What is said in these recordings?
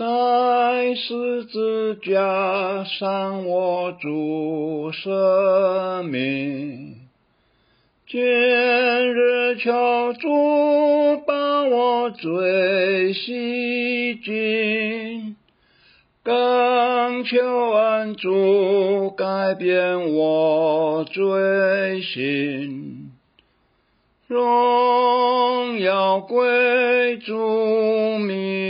在十字架上，我主捨命；今日求主，把我罪洗淨；更求恩主，改變我罪心；榮耀歸主名。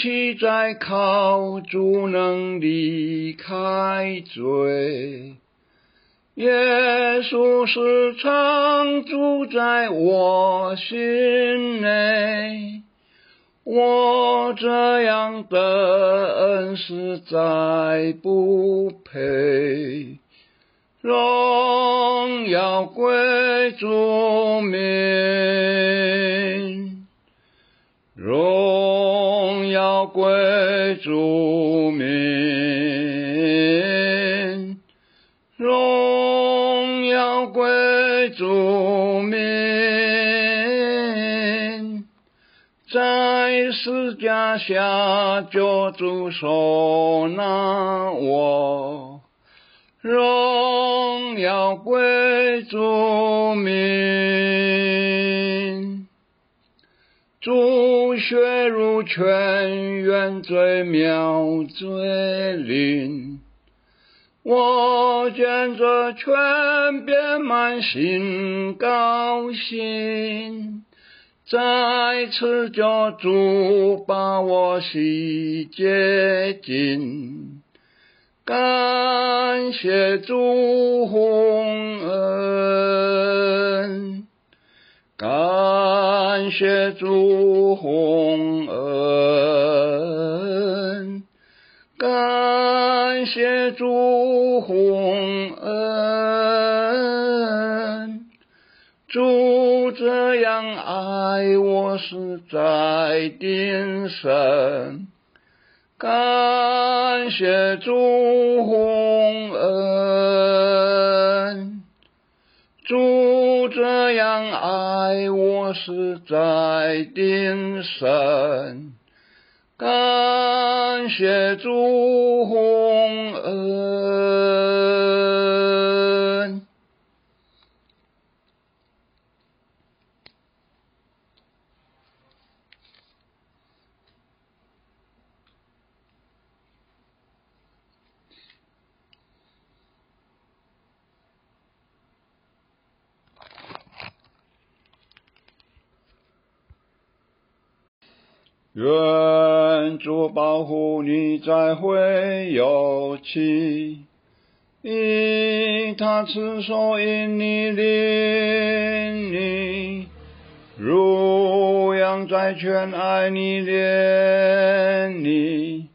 期待靠主能離開罪，耶穌時常住在我心內，我這樣的恩實在不配榮耀歸主名。主名，榮耀歸主名，在十字架下救主受難，我榮耀歸主名。主血如泉源最妙最靈，我見着泉邊滿心高興。再次叫主把我洗潔淨，感謝主洪恩。感。感謝主洪恩，感謝主洪恩，主這樣愛我實在頂神。感謝主洪恩。就這樣愛我是在定神，感謝主紅娥。願主保護你，再會有期。因他施恩引你領你，如羊在圈，愛你憐你。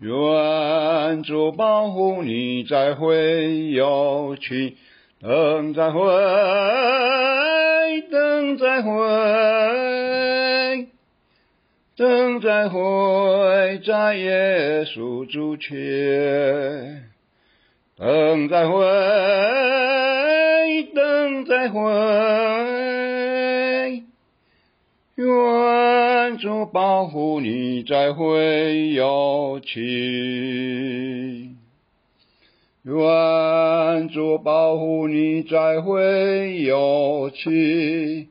願主保護你，再會有期。等再會，等再會。等再會，在耶穌主前。等再會，等再會。願主保護你，再會有期。願主保護你，再會有期。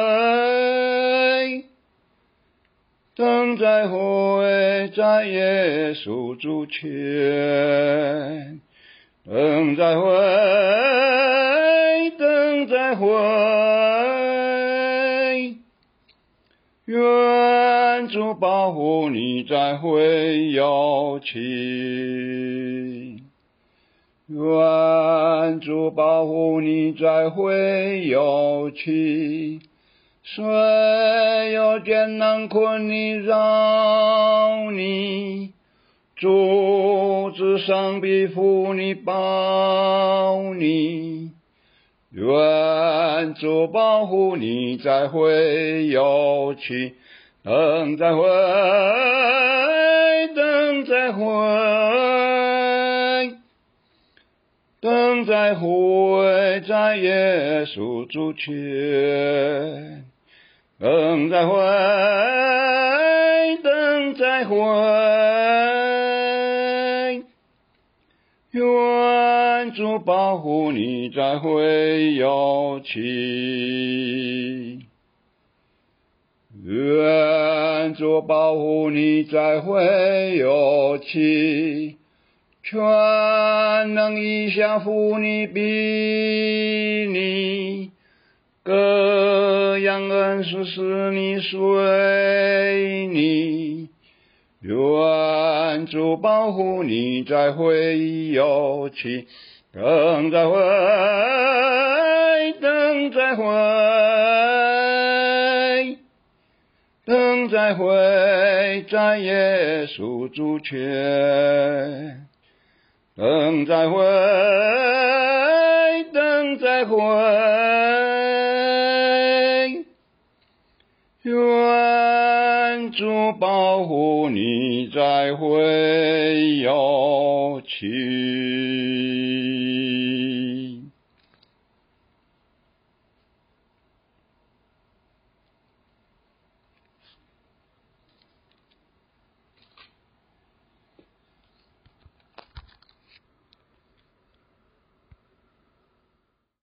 等再會，在耶穌足前。等再會，等再會。願主保護你，再會有期。願主保護你，再會有期。所有艱難困苦繞你，諸子上庇護你，保你，願主保護你，再會，有期，等再會，等再會，等再會，在耶穌足前。等再會，等再會，願主保護你，再會有期，願主保護你，再會有期，全能一向扶你，比你。各樣恩賜，是你，隨你，願主保護你，再會有期，等再會，等再會，等再會，在耶穌主前，等再會，等再會。願主保護你，再會有期。